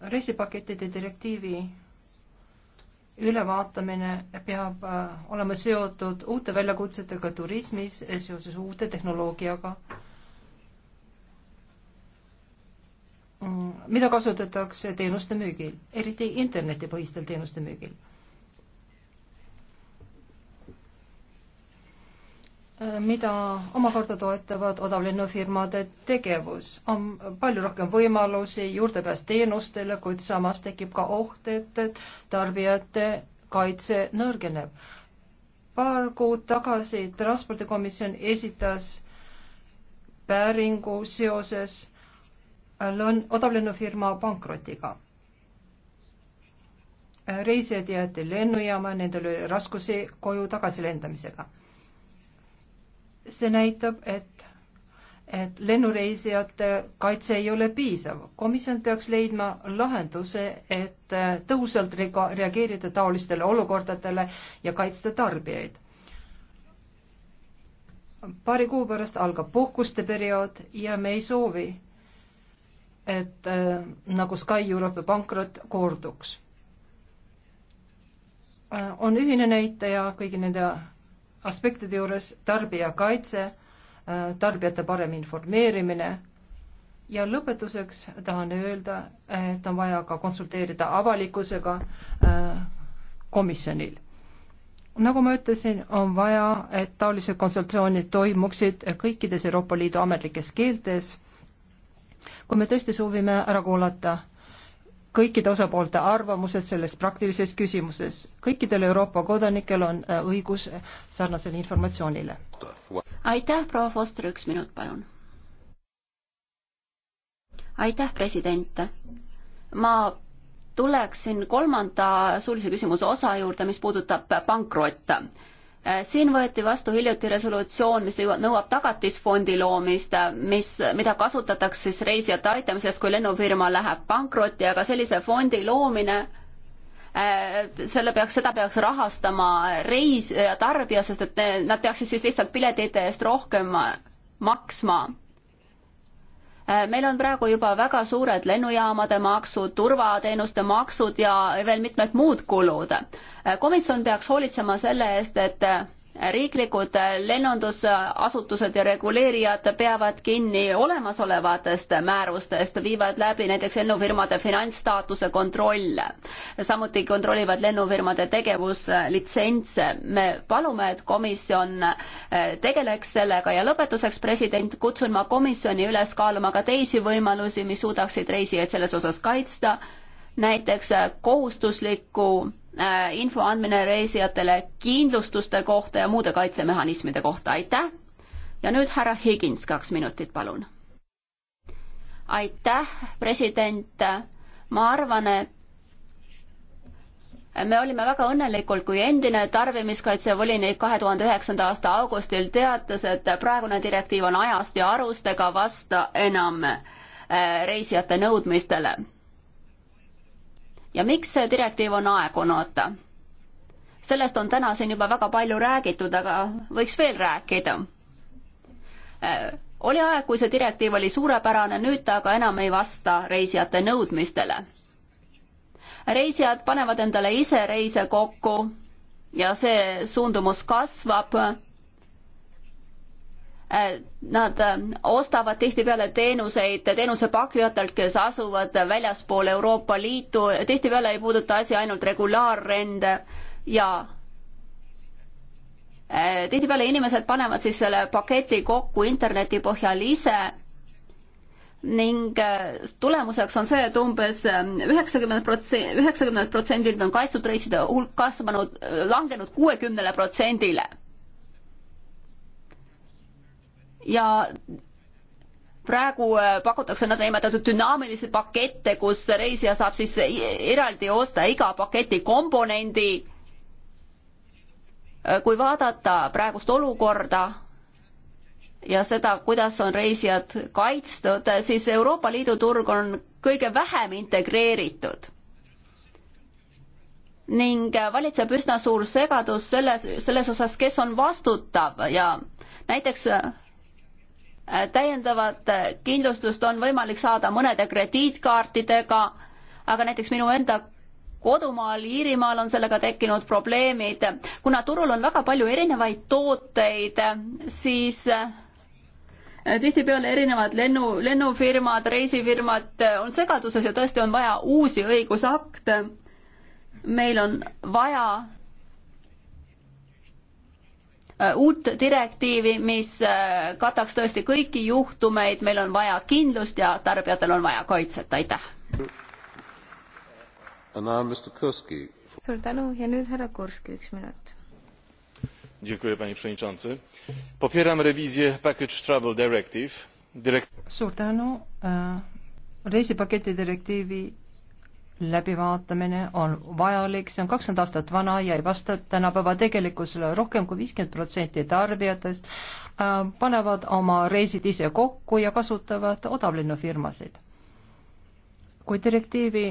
reisipakettide direktiivi ülevaatamine peab äh, olema seotud uute väljakutsetega turismis seoses uute tehnoloogiaga, mm, mida kasutatakse teenuste müügil, eriti internetipõhistel teenuste müügil Äh, mida omakorda toetavad odavlennufirmade tegevus. on palju rohkem võimalusi, juurdepääs teenustele, kuid samas tekib ka oht, et tarbijate kaitse nõrgeneb. paar kuud tagasi Transpordikomisjon esitas päringu seoses äh, odavlennufirma pankrotiga. reisijad jäeti lennujaama, nendel oli raskusi koju tagasi lendamisega see näitab, et, et lennureisijate kaitse ei ole piisav. komisjon peaks leidma lahenduse, et äh, tõhusalt reageerida taolistele olukordadele ja kaitsta tarbijaid. paari kuu pärast algab puhkuste periood ja me ei soovi, et äh, nagu Sky Europe pankrot korduks äh,. on ühine näitaja kõigi nende aspektide juures tarbijakaitse, äh, tarbijate parem informeerimine ja lõpetuseks tahan öelda, et on vaja ka konsulteerida avalikkusega äh, komisjonil. nagu ma ütlesin, on vaja, et taolised konsultatsioonid toimuksid kõikides Euroopa Liidu ametlikes keeltes, kui me tõesti soovime ära kuulata kõikide osapoolte arvamused selles praktilises küsimuses. kõikidel Euroopa kodanikel on äh, õigus äh, sarnasele informatsioonile. aitäh, proua Foster, üks minut, palun. aitäh, president. ma tuleksin kolmanda suulise küsimuse osa juurde, mis puudutab pankrotte Äh, siin võeti vastu hiljuti resolutsioon, mis nõuab tagatisfondi loomist, äh, mis, mida kasutatakse siis reisijate aitamiseks, kui lennufirma läheb pankrotti, aga sellise fondi loomine äh, selle peaks, seda peaks rahastama reis ja tarbija, sest et nad peaksid siis lihtsalt piletite eest rohkem maksma Äh, meil on praegu juba väga suured lennujaamade maksud, turvateenuste maksud ja veel mitmed muud kulud. Äh, komisjon peaks hoolitsema selle eest, et äh, riiklikud lennundusasutused ja reguleerijad peavad kinni olemasolevatest määrustest, viivad läbi näiteks lennufirmade finantsstaatuse kontrolle. samuti kontrollivad lennufirmade tegevuslitsentse. me palume, et komisjon eh, tegeleks sellega ja lõpetuseks, president, kutsun ma komisjoni üles kaaluma ka teisi võimalusi, mis suudaksid reisijaid selles osas kaitsta, näiteks kohustuslikku Äh, info andmine reisijatele kindlustuste kohta ja muude kaitsemehhanismide kohta, aitäh! ja nüüd härra Higins, kaks minutit, palun. aitäh, president, ma arvan, et me olime väga õnnelikud, kui endine tarbimiskaitsevolinik kahe tuhande üheksanda aasta augustil teatas, et praegune direktiiv on ajast ja arust ega vasta enam äh, reisijate nõudmistele ja miks see direktiiv on aegunud? sellest on täna siin juba väga palju räägitud, aga võiks veel rääkida. Äh, oli aeg, kui see direktiiv oli suurepärane, nüüd ta aga enam ei vasta reisijate nõudmistele. reisijad panevad endale ise reise kokku ja see suundumus kasvab Äh, nad äh, ostavad tihtipeale teenuseid teenusepakkujatelt, kes asuvad väljaspool Euroopa Liitu, tihtipeale ei puuduta asi ainult regulaarrende ja äh, tihtipeale inimesed panevad siis selle paketi kokku interneti põhjal ise ning tulemuseks on see et, et umbes ähm, üheksakümmend protsenti, üheksakümnelt protsendilt on kaitstud reiside hulk kasvanud, langenud kuuekümnele protsendile ja praegu äh, pakutakse nõndanimetatud dünaamilisi pakette, kus reisija saab siis eraldi osta iga paketi komponendi. Äh, kui vaadata praegust olukorda ja seda, kuidas on reisijad kaitstud, äh, siis Euroopa Liidu turg on kõige vähem integreeritud ning valitseb üsna suur segadus selles, selles osas, kes on vastutav ja näiteks täiendavat kindlustust on võimalik saada mõnede krediitkaartidega, aga näiteks minu enda kodumaal Iirimaal on sellega tekkinud probleemid. kuna turul on väga palju erinevaid tooteid, siis eh, tihtipeale erinevad lennu, lennufirmad, reisifirmad eh, on segaduses ja tõesti on vaja uusi õigusakte. meil on vaja Äh, uut direktiivi, mis äh, kataks tõesti kõiki juhtumeid, meil on vaja kindlust ja tarbijatel on vaja kaitset, aitäh. suur tänu ja nüüd härra Kurski, üks minut panie przewodniczący! popieram rewizję package travel directive äh, reisipaketti direktiivi läbivaatamine on vajalik, see on kakskümmend aastat vana ja ei vasta tänapäeva tegelikkusele, rohkem kui viiskümmend protsenti tarbijatest äh, panevad oma reisid ise kokku ja kasutavad odavlennufirmasid. kui direktiivi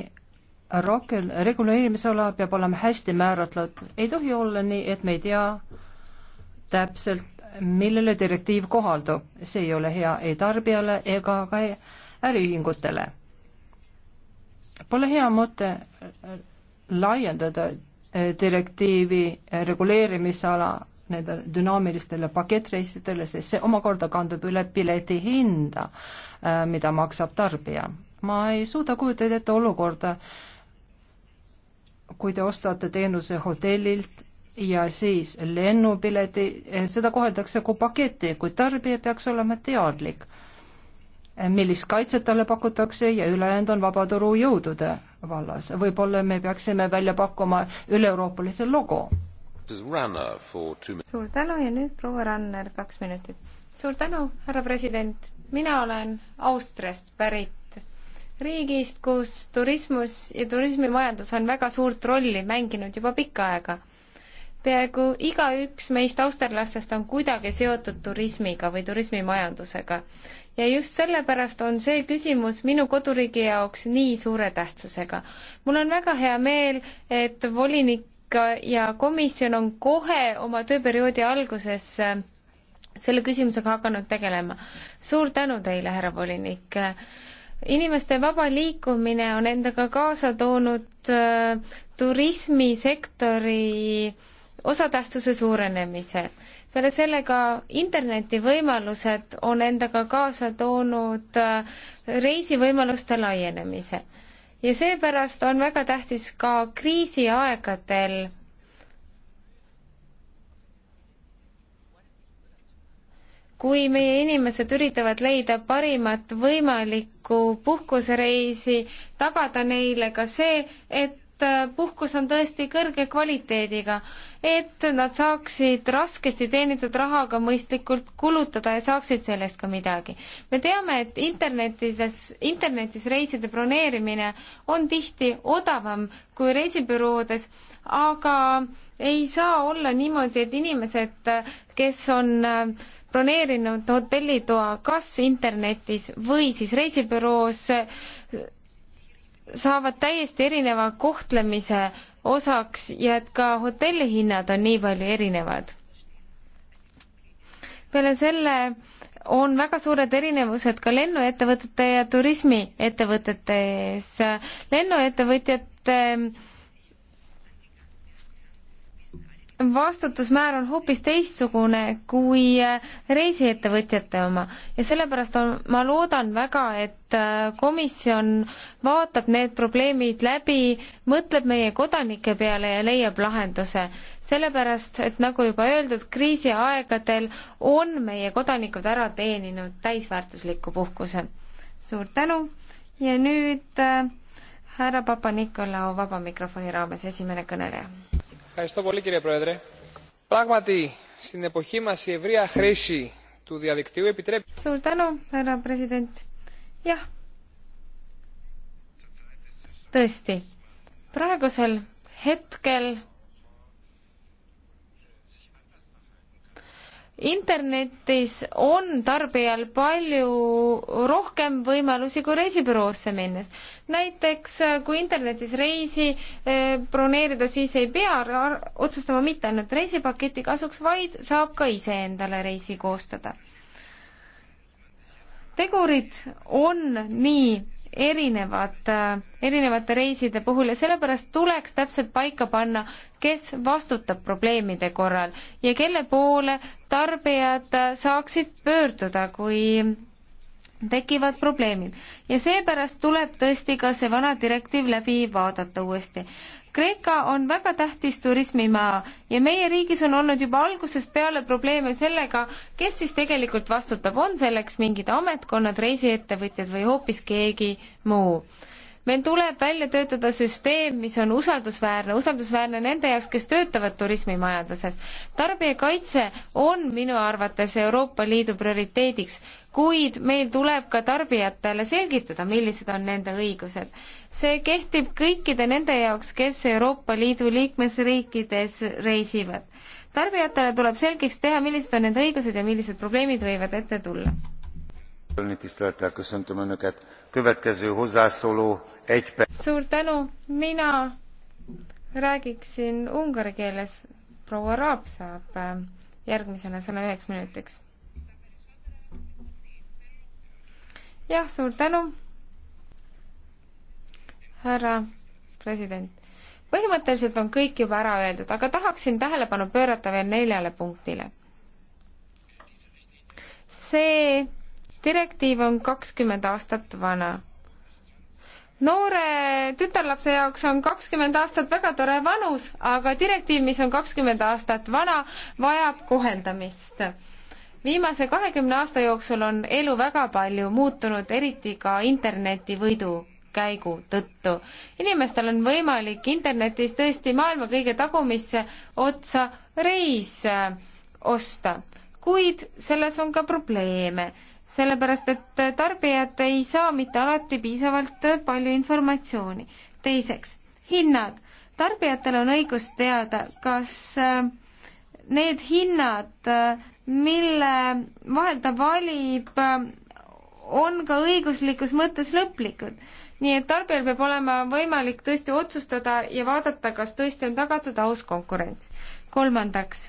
rakel-, reguleerimisala peab olema hästi määratletud, ei tohi olla nii, et me ei tea täpselt, millele direktiiv kohaldub, see ei ole hea ei tarbijale ega ka äriühingutele Pole hea mõte äh, laiendada äh, direktiivi äh, reguleerimisala nendele dünaamilistele pakettreisidele, sest see omakorda kandub üle pileti hinda, mida maksab tarbija. ma ei suuda kujutada ette olukorda, kui te ostate teenuse hotellilt ja siis lennupileti, seda koheldakse kui paketti, kuid tarbija peaks olema teadlik Eh, millist kaitset talle pakutakse ja ülejäänud on vabaturu jõudude vallas. võib-olla me peaksime välja pakkuma üle-euroopalise logo. suur tänu ja nüüd proua Ranner, kaks minutit. suur tänu, härra president. mina olen Austriast pärit riigist, kus turismus ja turismimajandus on väga suurt rolli mänginud juba pikka aega peaaegu igaüks meist austerlastest on kuidagi seotud turismiga või turismimajandusega ja just sellepärast on see küsimus minu koduriigi jaoks nii suure tähtsusega. mul on väga hea meel, et volinik ja komisjon on kohe oma tööperioodi alguses selle küsimusega hakanud tegelema. suur tänu teile, härra volinik! inimeste vaba liikumine on endaga kaasa toonud äh, turismisektori osatähtsuse suurenemise peale sellega internetivõimalused on endaga kaasa toonud äh, reisivõimaluste laienemise ja seepärast on väga tähtis ka kriisiaegadel kui meie inimesed üritavad leida parimat võimalikku puhkusereisi, tagada neile ka see, et Äh, puhkus on tõesti kõrge kvaliteediga, et nad saaksid raskesti teenitud rahaga mõistlikult kulutada ja saaksid sellest ka midagi. me teame, et internetis, internetis reiside broneerimine on tihti odavam kui reisibüroodes, aga ei saa olla niimoodi, et inimesed, kes on äh, broneerinud hotellitoa kas internetis või siis reisibüroos, saavad täiesti erineva kohtlemise osaks ja et ka hotellihinnad on nii palju erinevad. peale selle on väga suured erinevused ka lennuettevõtete ja turismiettevõtete ees. lennuettevõtjate vastutusmäär on hoopis teistsugune kui äh, reisiettevõtjate oma ja sellepärast on, ma loodan väga, et äh, komisjon vaatab need probleemid läbi, mõtleb meie kodanike peale ja leiab lahenduse. sellepärast, et nagu juba öeldud, kriisiaegadel on meie kodanikud ära teeninud täisväärtusliku puhkuse. suur tänu ja nüüd äh, härra Papa-Nikolau Vaba Mikrofoni raames esimene kõneleja κύριε πρόεδρε πράγματι στην εποχή μας η ευρεία χρήση του διαδικτύου επιτρέπει. jah tõesti praegusel hetkel internetis on tarbijal palju rohkem võimalusi kui reisibüroosse minnes. näiteks äh, kui internetis reisi äh, broneerida, siis ei pea otsustama mitte ainult reisipaketi kasuks, vaid saab ka iseendale reisi koostada. tegurid on nii erinevad, erinevate reiside puhul ja sellepärast tuleks täpselt paika panna, kes vastutab probleemide korral ja kelle poole tarbijad saaksid pöörduda, kui tekivad probleemid ja seepärast tuleb tõesti ka see vana direktiiv läbi vaadata uuesti. Kreeka on väga tähtis turismimaa ja meie riigis on olnud juba algusest peale probleeme sellega, kes siis tegelikult vastutab, on selleks mingid ametkonnad, reisiettevõtjad või hoopis keegi muu. meil tuleb välja töötada süsteem, mis on usaldusväärne, usaldusväärne nende jaoks, kes töötavad turismimajanduses. tarbijakaitse on minu arvates Euroopa Liidu prioriteediks kuid meil tuleb ka tarbijatele selgitada, millised on nende õigused. see kehtib kõikide nende jaoks, kes Euroopa Liidu liikmesriikides reisivad. tarbijatele tuleb selgeks teha, millised on nende õigused ja millised probleemid võivad ette tulla. suur tänu, mina räägiksin ungari keeles, proua Raab saab äh, järgmisena sõna üheks minutiks jah, suur tänu, härra president. põhimõtteliselt on kõik juba ära öeldud, aga tahaksin tähelepanu pöörata veel neljale punktile. see direktiiv on kakskümmend aastat vana noore tütarlapse jaoks on kakskümmend aastat väga tore vanus, aga direktiiv, mis on kakskümmend aastat vana, vajab kohendamist viimase kahekümne aasta jooksul on elu väga palju muutunud, eriti ka interneti võidu käigu tõttu. inimestel on võimalik internetis tõesti maailma kõige tagumisse otsa reis osta, kuid selles on ka probleeme, sellepärast et tarbijad ei saa mitte alati piisavalt palju informatsiooni. teiseks, hinnad. tarbijatel on õigus teada, kas äh, need hinnad äh, mille vahel ta valib, on ka õiguslikus mõttes lõplikud. nii et tarbijal peab olema võimalik tõesti otsustada ja vaadata, kas tõesti on tagatud aus konkurents. kolmandaks,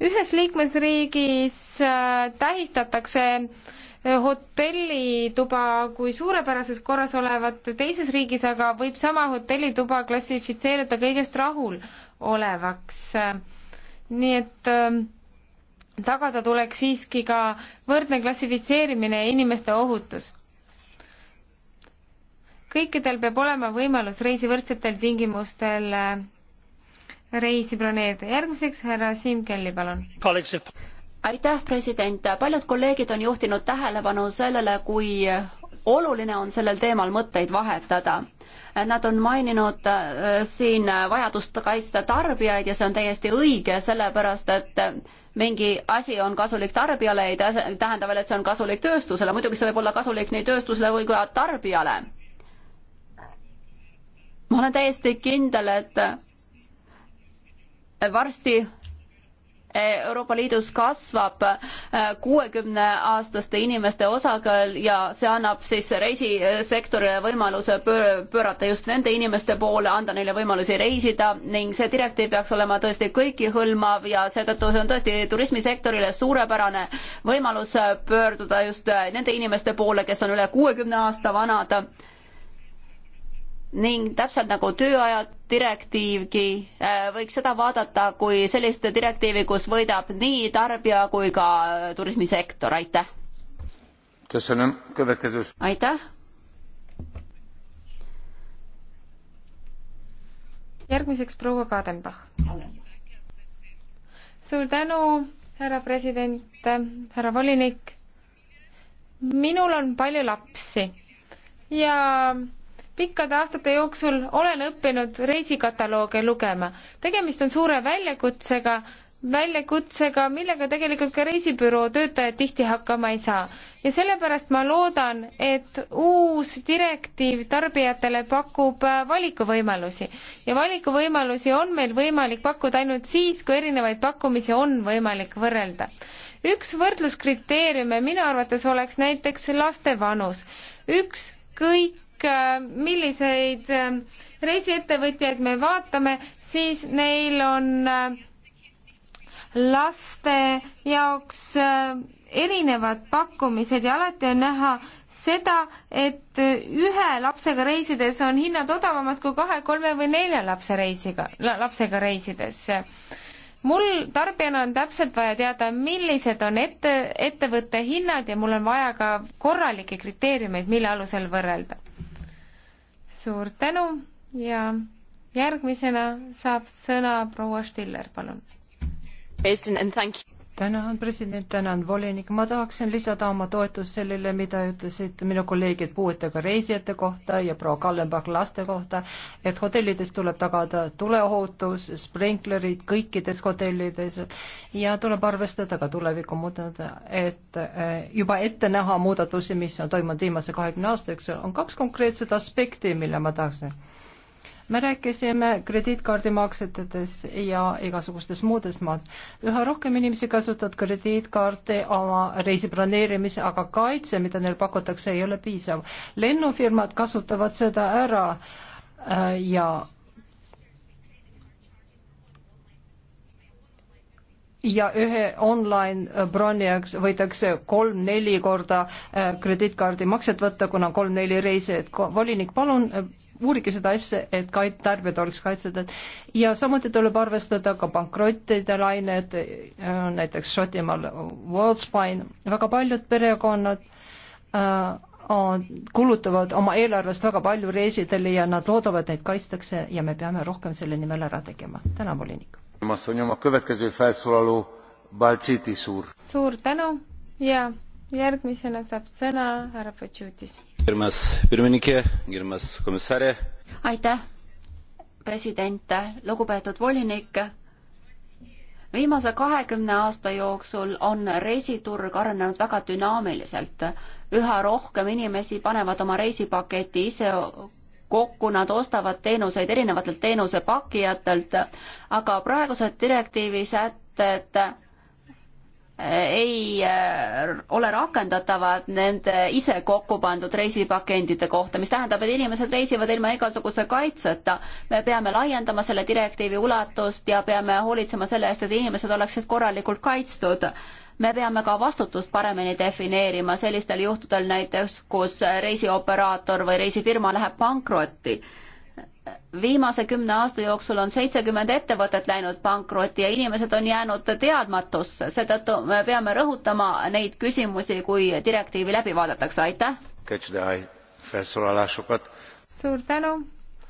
ühes liikmesriigis äh, tähistatakse äh, hotellituba kui suurepärases korras olevat teises riigis, aga võib sama hotellituba klassifitseerida kõigest rahul olevaks. nii et ähm, tagada tuleks siiski ka võrdne klassifitseerimine ja inimeste ohutus kõikidel peab olema võimalus reisi võrdsetel tingimustel äh, reisi broneerida. järgmiseks härra Siim Kelly, palun. aitäh, president. paljud kolleegid on juhtinud tähelepanu sellele, kui oluline on sellel teemal mõtteid vahetada. Nad on maininud äh, siin vajadust kaitsta tarbijaid ja see on täiesti õige, sellepärast et mingi asi on kasulik tarbijale, ei tähenda veel, et see on kasulik tööstusele, muidugi see võib olla kasulik nii tööstusele kui ka tarbijale. ma olen täiesti kindel, et varsti Euroopa Liidus kasvab äh, kuuekümneaastaste inimeste osakaal ja see annab siis reisisektorile võimaluse pöörata just nende inimeste poole, anda neile võimalusi reisida ning see direktiiv peaks olema tõesti kõikihõlmav ja seetõttu see on tõesti turismisektorile suurepärane võimalus pöörduda just äh, nende inimeste poole, kes on üle kuuekümne aasta vanad ning täpselt nagu tööaja direktiivgi äh, võiks seda vaadata kui sellist direktiivi, kus võidab nii tarbija kui ka äh, turismisektor, aitäh. aitäh. järgmiseks proua Kadenbach. suur tänu, härra president, härra volinik. minul on palju lapsi ja pikkade aastate jooksul olen õppinud reisikatalooge lugema. tegemist on suure väljakutsega, väljakutsega, millega tegelikult ka reisibüroo töötajad tihti hakkama ei saa. ja sellepärast ma loodan, et uus direktiiv tarbijatele pakub äh, valikuvõimalusi. ja valikuvõimalusi on meil võimalik pakkuda ainult siis, kui erinevaid pakkumisi on võimalik võrrelda. üks võrdluskriteeriume minu arvates oleks näiteks laste vanus. ükskõik ükskõik äh, milliseid äh, reisiettevõtjaid me vaatame, siis neil on äh, laste jaoks erinevad pakkumised ja alati on näha seda, et ühe lapsega reisides on hinnad odavamad kui kahe, kolme või nelja lapse reisiga, lapsega reisides mul tarbijana on täpselt vaja teada, millised on ette, ettevõtte hinnad ja mul on vaja ka korralikke kriteeriumeid, mille alusel võrrelda suur tänu ja järgmisena saab sõna proua Stiller, palun. president and thank you tänan, president, tänan, volinik. ma tahaksin lisada oma toetust sellele, mida ütlesid minu kolleegid puuetega reisijate kohta ja proua Kallenbach laste kohta, et hotellides tuleb tagada tuleohutus, sprinklerid kõikides hotellides ja tuleb arvestada ka tuleviku muudatusega, et eh, juba ette näha muudatusi, mis on toimunud viimase kahekümne aasta jooksul, on kaks konkreetset aspekti, mille ma tahaksin me rääkisime krediitkaardimaksetest ja igasugustest muudest maad. üha rohkem inimesi kasutavad krediitkaarte oma reisi broneerimise, aga kaitse, mida neile pakutakse, ei ole piisav. lennufirmad kasutavad seda ära äh, ja ja ühe online äh, broni jaoks võidakse kolm-neli korda äh, krediitkaardi makset võtta, kuna kolm-neli reisi, et volinik, palun uurige seda asja, et kait-, tarbijad oleks kaitsetud ja samuti tuleb arvestada ka pankrottide lained, äh, näiteks Šotimaal Worldspine, väga paljud perekonnad äh, on, kulutavad oma eelarvest väga palju reisidele ja nad loodavad, neid kaitstakse ja me peame rohkem selle nimel ära tegema. tänan, volinik. suur tänu ja järgmisena saab sõna härra Patsiutis. aitäh, president, lugupeetud volinik. viimase kahekümne aasta jooksul on reisiturg arenenud väga dünaamiliselt. üha rohkem inimesi panevad oma reisipaketi ise kokku, nad ostavad teenuseid erinevatelt teenusepakkijatelt, aga praegused direktiivi sätted Äh, ei äh, ole rakendatavad nende ise kokku pandud reisipakendite kohta, mis tähendab, et inimesed reisivad ilma igasuguse kaitseta. me peame laiendama selle direktiivi ulatust ja peame hoolitsema selle eest, et inimesed oleksid korralikult kaitstud me peame ka vastutust paremini defineerima sellistel juhtudel näiteks, kus reisioperaator või reisifirma läheb pankrotti viimase kümne aasta jooksul on seitsekümmend ettevõtet läinud pankrotti ja inimesed on jäänud teadmatusse, seetõttu me peame rõhutama neid küsimusi, kui direktiivi läbi vaadatakse, aitäh! suur tänu,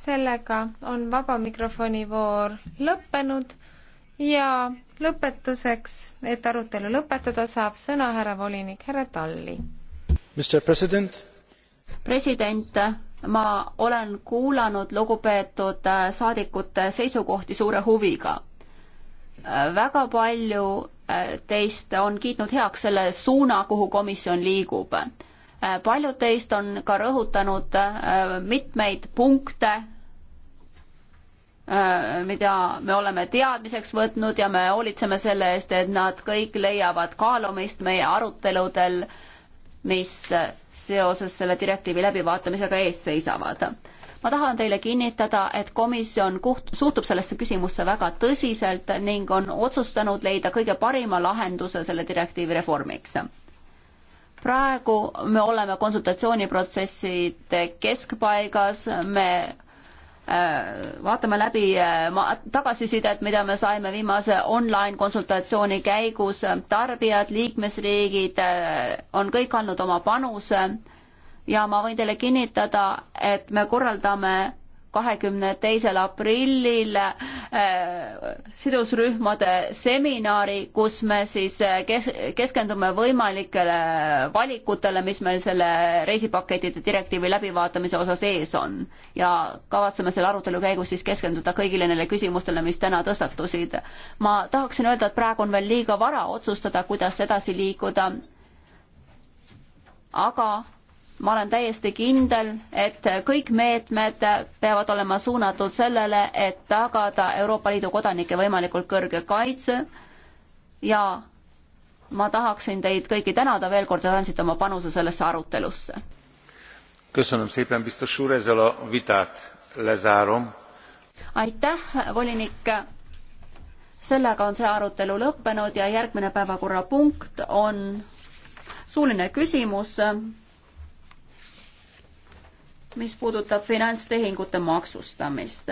sellega on vaba mikrofoni voor lõppenud ja lõpetuseks, et arutelu lõpetada, saab sõna härra volinik härra Talli. president, president ma olen kuulanud lugupeetud äh, saadikute seisukohti suure huviga. Äh, väga palju äh, teist on kiitnud heaks selle suuna, kuhu komisjon liigub. paljud teist on ka rõhutanud mitmeid punkte, mida me oleme teadmiseks võtnud ja me hoolitseme selle eest, et nad kõik leiavad kaalumist meie aruteludel äh, mis seoses selle direktiivi läbivaatamisega ees seisavad. ma tahan teile kinnitada, et komisjon kuht-, suhtub sellesse küsimusse väga tõsiselt ning on otsustanud leida kõige parima lahenduse selle direktiivi reformiks. praegu me oleme konsultatsiooniprotsesside keskpaigas, me Äh, vaatame läbi äh, tagasisidet, mida me saime viimase online konsultatsiooni käigus. tarbijad, liikmesriigid äh, on kõik andnud oma panuse ja ma võin teile kinnitada, et me korraldame kahekümne teisel aprillil äh, sidusrühmade seminari, kus me siis äh, kes-, keskendume võimalikele valikutele, mis meil selle reisipakettide direktiivi läbivaatamise osas ees on. ja kavatseme selle arutelu käigus siis keskenduda kõigile neile küsimustele, mis täna tõstatusid. ma tahaksin öelda, et praegu on veel liiga vara otsustada, kuidas edasi liikuda, aga ma olen täiesti kindel, et kõik meetmed peavad olema suunatud sellele, et tagada Euroopa Liidu kodanike võimalikult kõrge kaitse ja ma tahaksin teid kõiki tänada veel kord, et andsite oma panuse sellesse arutelusse. aitäh, volinik. sellega on see arutelu lõppenud ja järgmine päevakorrapunkt on suuline küsimus mis puudutab finantstehingute maksustamist.